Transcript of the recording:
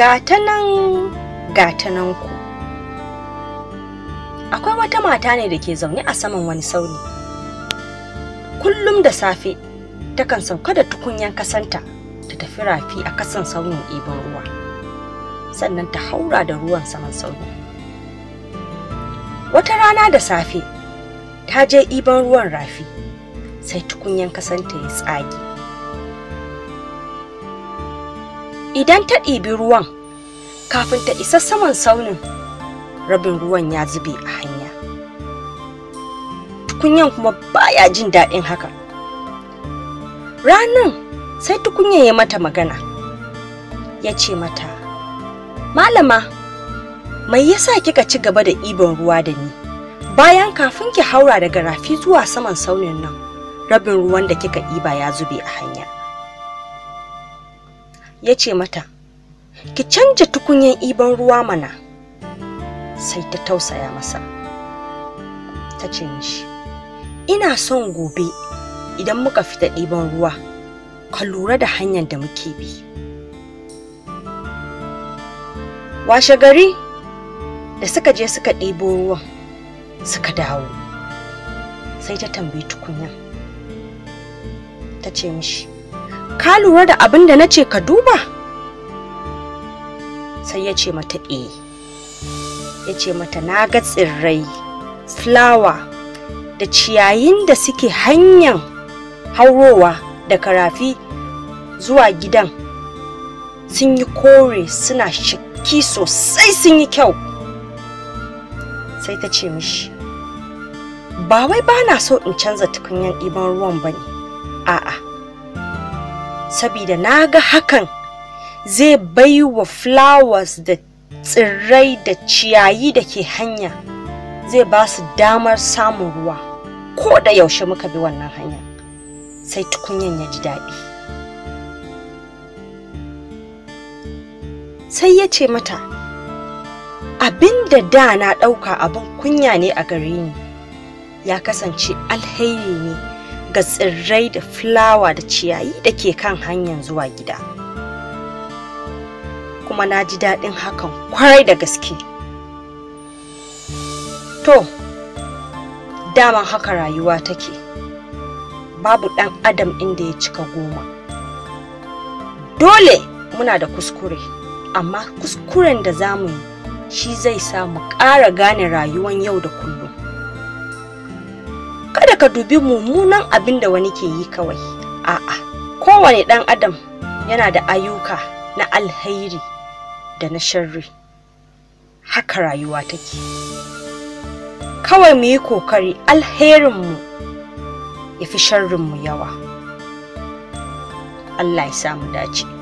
gata nan gata nan ku akwai wata mata ne da ke zaune a saman wani sauni kullum da safe takan sauka da tukunyan kasanta ta tafi rafi a kasan saunin ibon ruwa sannan ta haura da ruwan saman sauni wata rana da safe ta je ibon ruwan rafi sai tukunyan kasanta ya tsage idan ta ɗibi ruwan kafin ta isa saman saunin rabin ruwan ya zube a hanya tukunyan kuma baya jin daɗin haka ranan sai tukunyan ya mata magana ya ce mata malama mai yasa kika ci gaba da ibon ruwa da ni bayan kafin ki haura daga rafi zuwa saman saunin nan rabin ruwan da kika iba ya zube a hanya ya ce mata ki canja tukunyan iban ruwa mana sai ta tausaya masa ta ce mishi ina son gobe idan muka fita ɗiban ruwa ka lura da hanyar da muke bi washe gari da suka je suka ɗebo ruwan suka dawo sai ta tambayi tukunyan, ta ce mishi ka lura da abin da na ce ka duba sai ya ce mata e ya ce mata na ga tsirrai fulawa da ciyayin da suke hanyar haurowa da karafi zuwa gidan sun yi kore suna shakki sosai sun yi kyau sai ta ce mishi ba wai ba na so in canza tukunyan ɗiban ruwan ba ne a'a saboda na ga hakan zai bai wa flowers da tsirrai da ciyayi da ke hanya zai ba su damar samun ruwa ko da yaushe muka bi wannan hanya sai tukunyan ya ji daɗi sai ya ce mata abin da da na ɗauka abin kunya ne a gare ni ya kasance alheri ne ga tsirrai da fulawa da ciyayi da ke kan hanyar zuwa gida kuma na ji daɗin hakan kwarai da gaske to daman haka rayuwa take babu ɗan adam inda ya cika goma dole muna da kuskure amma kuskuren da zamu yi shi zai sa mu ƙara gane rayuwan yau da kullum ka dubi mummunan abin da wani ke yi kawai a'a kowane ɗan adam yana da ayyuka na alheri da na sharri haka rayuwa take kawai mu yi kokari alherinmu ya fi sharrinmu yawa Allah ya samu dace.